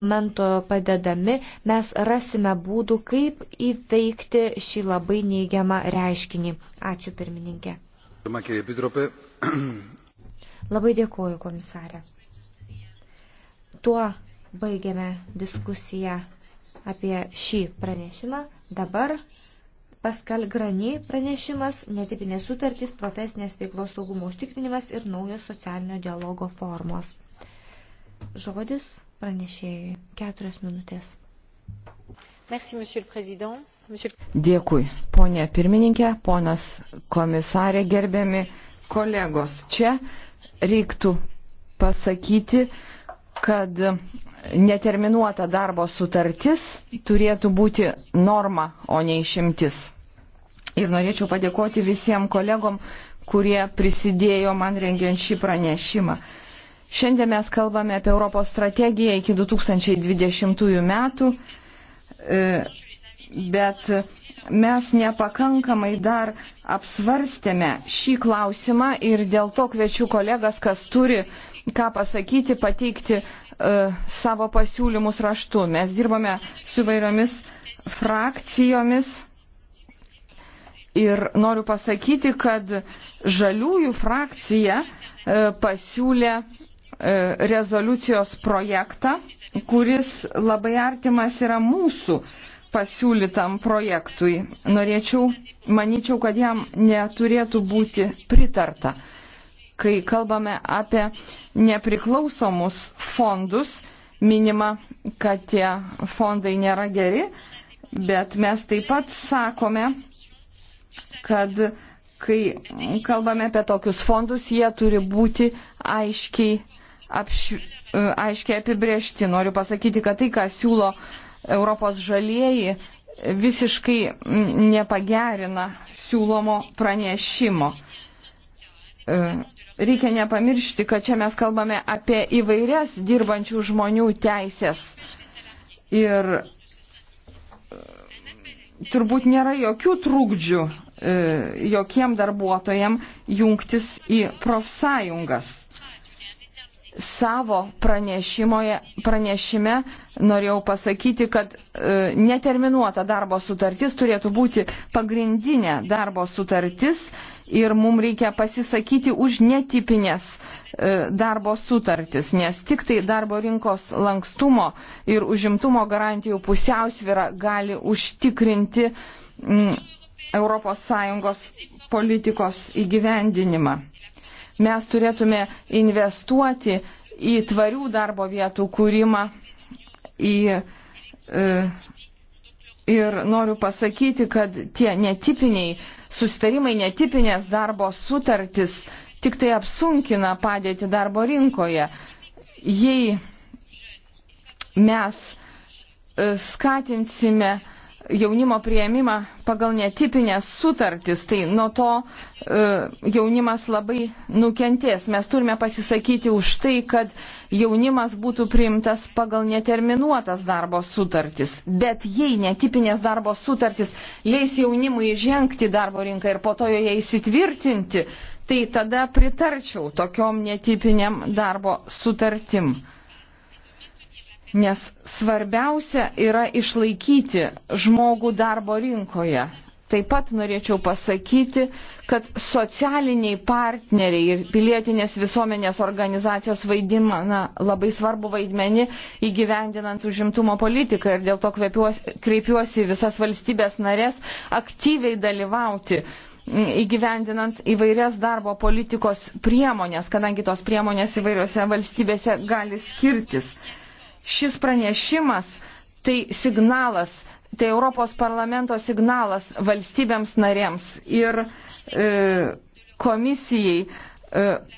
parlamento padedami mes rasime būdų, kaip įveikti šį labai neigiamą reiškinį. Ačiū pirmininkė. Labai dėkuoju, komisarė. Tuo baigiame diskusiją apie šį pranešimą. Dabar Paskal Grani pranešimas, netipinės sutartys, profesinės veiklos saugumo užtikrinimas ir naujos socialinio dialogo formos. Žodis pranešėjui. Keturias minutės. Merci, monsieur le président. Monsieur... Dėkui, ponė pirmininkė, ponas komisarė, gerbiami kolegos. Čia reiktų pasakyti, kad neterminuota darbo sutartis turėtų būti norma, o ne išimtis. Ir norėčiau padėkoti visiems kolegom, kurie prisidėjo man rengiant šį pranešimą. Šiandien mes kalbame apie Europos strategiją iki 2020 metų, e, bet mes nepakankamai dar apsvarstėme šį klausimą ir dėl to kviečiu kolegas, kas turi ką pasakyti, pateikti e, savo pasiūlymus raštu. Mes dirbame su vairiomis frakcijomis ir noriu pasakyti, kad žaliųjų frakcija e, pasiūlė E, rezoliucijos projektą, kuris labai artimas yra mūsų pasiūlytam projektui. Norėčiau, manyčiau, kad jam neturėtų būti pritarta. Kai kalbame apie nepriklausomus fondus, minima, kad tie fondai nėra geri, bet mes taip pat sakome, kad kai kalbame apie tokius fondus, jie turi būti aiškiai apš, e, aiškiai apibriešti. Noriu pasakyti, kad tai, ką siūlo Europos žalieji, visiškai nepagerina siūlomo pranešimo. E, reikia nepamiršti, kad čia mes kalbame apie įvairias dirbančių žmonių teisės. Ir e, turbūt nėra jokių trūkdžių jokiem darbuotojam jungtis į profsąjungas savo pranešime norėjau pasakyti, kad e, neterminuota darbo sutartis turėtų būti pagrindinė darbo sutartis ir mums reikia pasisakyti už netipinės e, darbo sutartis, nes tik tai darbo rinkos lankstumo ir užimtumo garantijų pusiausvyrą gali užtikrinti m, mm, ES politikos įgyvendinimą. Mes turėtume investuoti į tvarių darbo vietų kūrimą. Į, e, ir noriu pasakyti, kad tie netipiniai sustarimai, netipinės darbo sutartis tik tai apsunkina padėti darbo rinkoje. Jei mes e, skatinsime e, jaunimo prieimimą pagal netipinės sutartis, tai nuo to e, jaunimas labai nukentės. Mes turime pasisakyti už tai, kad jaunimas būtų priimtas pagal neterminuotas darbo sutartis. Bet jei netipinės darbo sutartis leis jaunimui įžengti darbo rinką ir po to joje įsitvirtinti, tai tada pritarčiau tokiom netipiniam darbo sutartim. Nes svarbiausia yra išlaikyti žmogų darbo rinkoje. Taip pat norėčiau pasakyti, kad socialiniai partneriai ir pilietinės visuomenės organizacijos vaidina na, labai svarbu vaidmenį įgyvendinant užimtumo politiką ir dėl to kvepiuosi, kreipiuosi visas valstybės narės aktyviai dalyvauti įgyvendinant įvairias darbo politikos priemonės, kadangi tos priemonės įvairiose valstybėse gali skirtis šis pranešimas tai signalas, tai Europos parlamento signalas valstybėms narėms ir e, komisijai, e,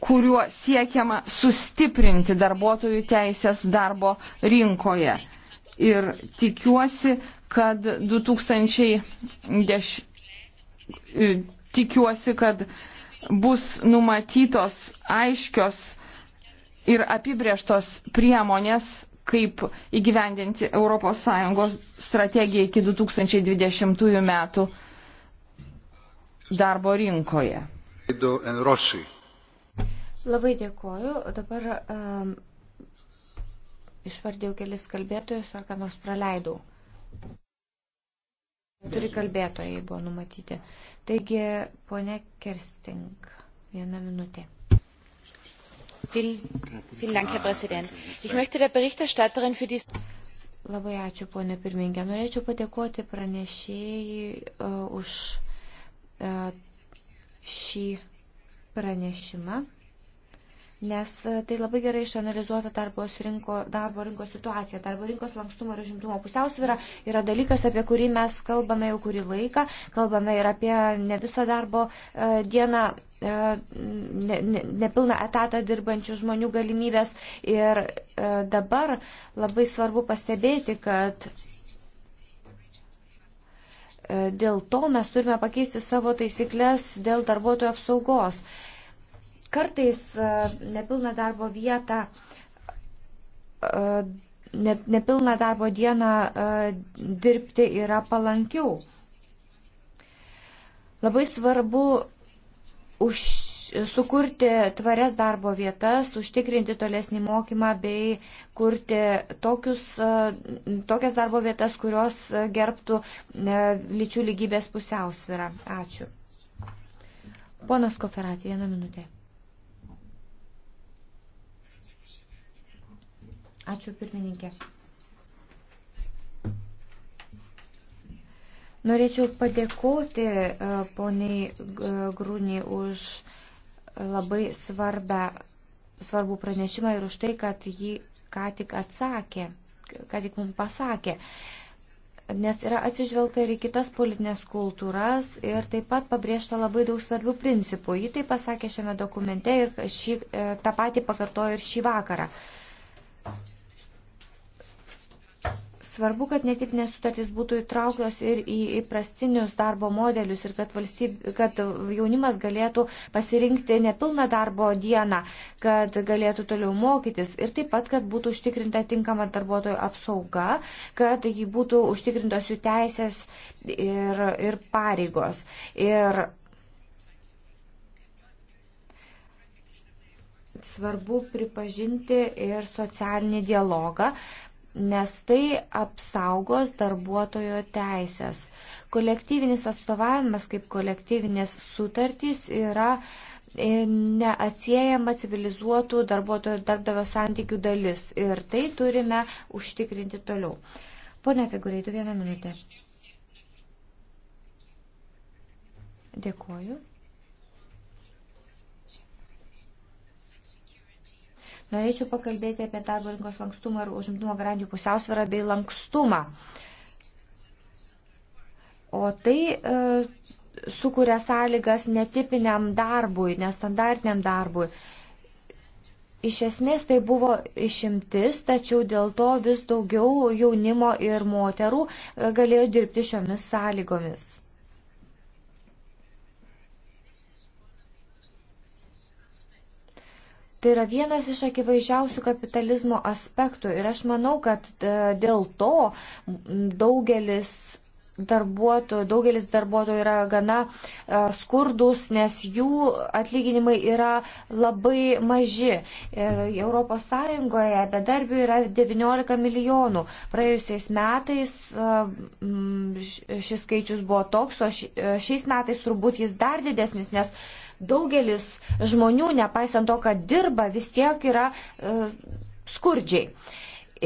kuriuo siekiama sustiprinti darbuotojų teisės darbo rinkoje. Ir tikiuosi, kad 2010. E, tikiuosi, kad bus numatytos aiškios ir apibrieštos priemonės kaip įgyvendinti ES strategiją iki 2020 metų darbo rinkoje. Labai dėkoju. Dabar um, išvardėjau kelis kalbėtojus, ar ką nors praleidau. Turi kalbėtojai buvo numatyti. Taigi, ponė Kersting, vieną minutę herr ah, präsident! ich möchte der berichterstatterin für diesen Labai ačiū, ponė pirmininkė. Norėčiau padėkoti pranešėjai uh, e, už uh, šį pranešimą nes e, tai labai gerai išanalizuota darbo, rinko, darbo rinkos situacija. Darbo rinkos lankstumo ir užimtumo pusiausvyrą yra dalykas, apie kurį mes kalbame jau kurį laiką, kalbame ir apie ne visą darbo e, dieną nepilną ne, ne etatą dirbančių žmonių galimybės. Ir e, dabar labai svarbu pastebėti, kad e, dėl to mes turime pakeisti savo taisyklės dėl darbuotojų apsaugos. E, Kartais e, nepilna darbo vieta, e, nepilna darbo diena e, dirbti yra palankiau. Labai svarbu už, sukurti tvarias darbo vietas, užtikrinti tolesnį mokymą bei kurti tokius, tokias darbo vietas, kurios gerbtų lyčių lygybės pusiausvyrą. Ačiū. Ponas Koferat, vieną minutę. Ačiū pirmininkė. Norėčiau padėkoti e, poniai Grūniai už labai svarbę, svarbų pranešimą ir už tai, kad jį ką tik atsakė, ką tik mums pasakė. Nes yra atsižvelgta ir į kitas politinės kultūras ir taip pat pabrėžta labai daug svarbių principų. Ji tai pasakė šiame dokumente ir šį, e, tą patį pakartojo ir šį vakarą. Uh, Svarbu, kad netipinės sutartys būtų įtraukios ir į įprastinius darbo modelius ir kad, valstyb, kad jaunimas galėtų pasirinkti nepilną darbo dieną, kad galėtų toliau mokytis ir taip pat, kad būtų užtikrinta tinkama darbuotojų apsauga, kad jį būtų užtikrintos jų teisės ir, ir pareigos. Ir svarbu pripažinti ir socialinį dialogą nes tai apsaugos darbuotojo teisės. Kolektyvinis atstovavimas kaip kolektyvinės sutartys yra e, neatsiejama civilizuotų darbuotojo ir darbdavio santykių dalis ir tai turime užtikrinti toliau. Pone Figureitų, vieną minutę. Dėkuoju. Norėčiau pakalbėti apie darbo rinkos lankstumą ir užimtumo garantijų pusiausvyrą bei lankstumą. O tai e, sukuria sąlygas netipiniam darbui, nestandartiniam darbui. Iš esmės tai buvo išimtis, tačiau dėl to vis daugiau jaunimo ir moterų e, galėjo dirbti šiomis sąlygomis. Tai yra vienas iš akivaizdžiausių kapitalizmo aspektų ir aš manau, kad e, dėl to daugelis darbuotojų, daugelis darbuotojų yra gana e, skurdus, nes jų atlyginimai yra labai maži. Ir ES bedarbių yra 19 milijonų. Praėjusiais metais e, šis skaičius buvo toks, o šiais metais turbūt jis dar didesnis, nes daugelis žmonių, nepaisant to, kad dirba, vis tiek yra e, skurdžiai.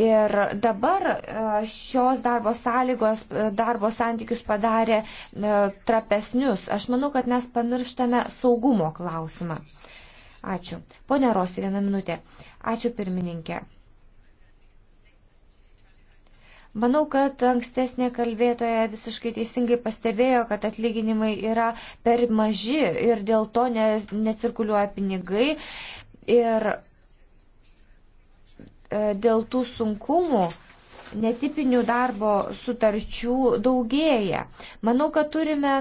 Ir dabar e, šios darbo sąlygos e, darbo santykius padarė trapesnius. Aš manau, kad mes pamirštame saugumo klausimą. Ačiū. Pone Rosi, vieną minutę. Ačiū pirmininkė. Manau, kad ankstesnė kalbėtoja visiškai teisingai pastebėjo, kad atlyginimai yra per maži ir dėl to ne, necirkuliuoja pinigai. Ir e, dėl tų sunkumų netipinių darbo sutarčių daugėja. Manau, kad turime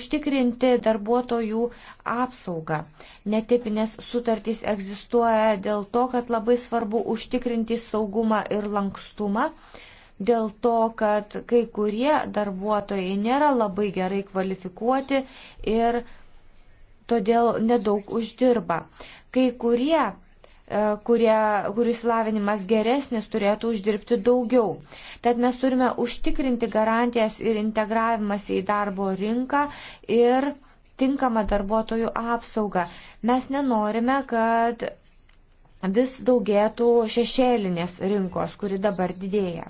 užtikrinti darbuotojų apsaugą. Netipinės sutartys egzistuoja dėl to, kad labai svarbu užtikrinti saugumą ir lankstumą. Uh, dėl to, kad kai kurie darbuotojai nėra labai gerai kvalifikuoti ir todėl nedaug uždirba. Kai kurie, e, kurie kuris lavinimas geresnis, turėtų uždirbti daugiau. Tad mes turime užtikrinti garantijas ir integravimas į darbo rinką ir tinkamą darbuotojų apsaugą. Mes nenorime, kad vis daugėtų šešėlinės rinkos, kuri dabar didėja.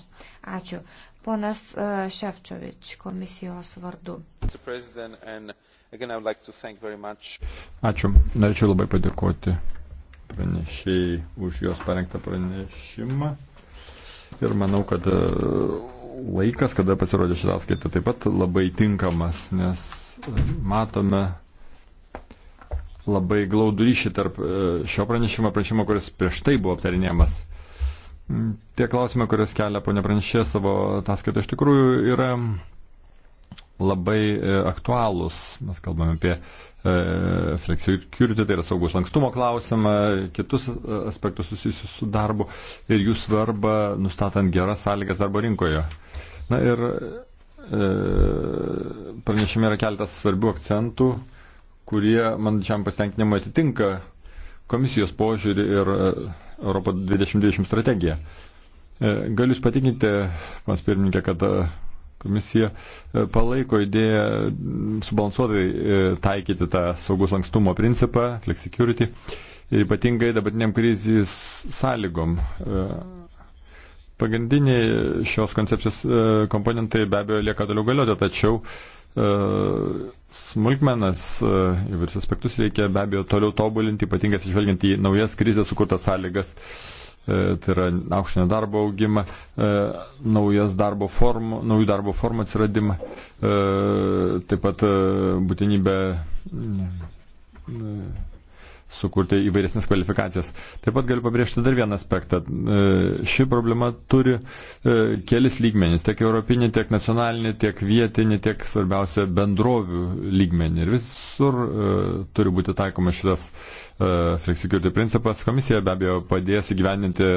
Ačiū. Ponas e, Šefčovič, komisijos vardu. Ačiū. Norėčiau labai padėkoti pranešėjai už jos parengtą pranešimą. Ir manau, kad e, laikas, kada pasirodė šitą skaitą, taip pat labai tinkamas, nes e, matome labai glaudų ryšį tarp e, šio pranešimo, pranešimo, kuris prieš tai buvo aptarinėjamas. Mm, tie klausimai, kuriuos kelia ponia pranešė savo ataskaitą, iš tikrųjų yra labai e, aktualūs. Mes kalbame apie e, flexicurity, tai yra saugus lankstumo klausimą, kitus aspektus susijusius su darbu ir jų svarbą nustatant geras sąlygas darbo rinkoje. Na ir pranešime yra keltas svarbių akcentų, kurie, man šiam pasitenkinimui, atitinka komisijos požiūrį ir e, Europo 2020 strategiją. E, galiu jūs patikinti, mas pirmininkė, kad e, komisija palaiko idėją subalansuotai taikyti tą saugus lankstumo principą, flexicurity, ir ypatingai dabartiniam krizijos sąlygom. Pagrindiniai šios koncepcijos komponentai be abejo lieka toliau galioti, tačiau E, smulkmenas, e, įvairius aspektus reikia be abejo toliau tobulinti, ypatingai atsižvelgiant į naujas krizės sukurtas sąlygas e, tai yra aukštinio darbo augimą, naujas darbo formų, naujų darbo formų atsiradimą, taip pat būtinybę sukurti įvairesnės kvalifikacijas. Taip pat galiu pabrėžti dar vieną aspektą. E, ši problema turi e, kelis lygmenys, tiek europinį, tiek nacionalinį, tiek vietinį, tiek svarbiausia bendrovių lygmenį. Ir visur e, turi būti taikomas šitas flexicurity principas. Komisija be abejo padės įgyvendinti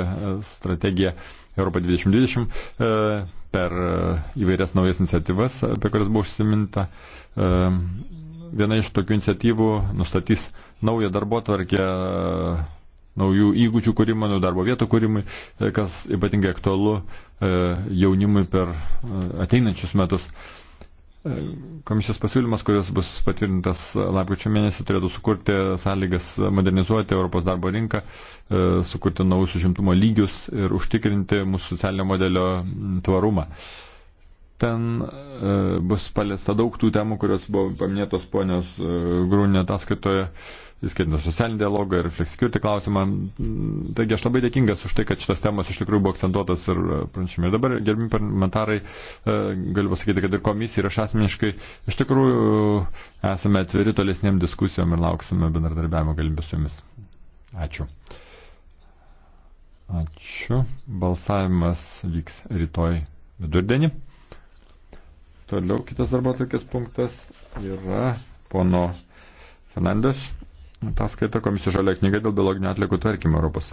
strategiją Europą 2020 per įvairias naujas iniciatyvas, apie kurias buvo užsiminta viena iš tokių iniciatyvų nustatys naują darbo tvarkę, naujų įgūdžių kūrimą, naujų darbo vietų kūrimui, e, kas ypatingai aktualu e, jaunimui per e, ateinančius metus. Komisijos pasiūlymas, kuris bus patvirtintas lapkričio mėnesį, turėtų sukurti sąlygas modernizuoti Europos darbo rinką, sukurti naujus užimtumo lygius ir užtikrinti mūsų socialinio modelio tvarumą ten e, bus paliesta daug tų temų, kurios buvo paminėtos ponios e, Grūnė ataskaitoje, įskaitant socialinį dialogą ir flexicurity klausimą. Mm, taigi aš labai dėkingas už tai, kad šitas temas iš tikrųjų buvo akcentuotas ir e, pranešime. Ir dabar, gerbimi parlamentarai, galiu pasakyti, kad ir komisija ir aš asmeniškai iš tikrųjų esame atviri tolesniem diskusijom ir lauksime bendradarbiavimo galimybės su jumis. Ačiū. Ačiū. Balsavimas vyks rytoj vidurdienį. Toliau kitas darbo atlikęs punktas yra pono Fernandes ataskaita komisijos žalia knyga dėl biologinių atlikų tvarkymo ES.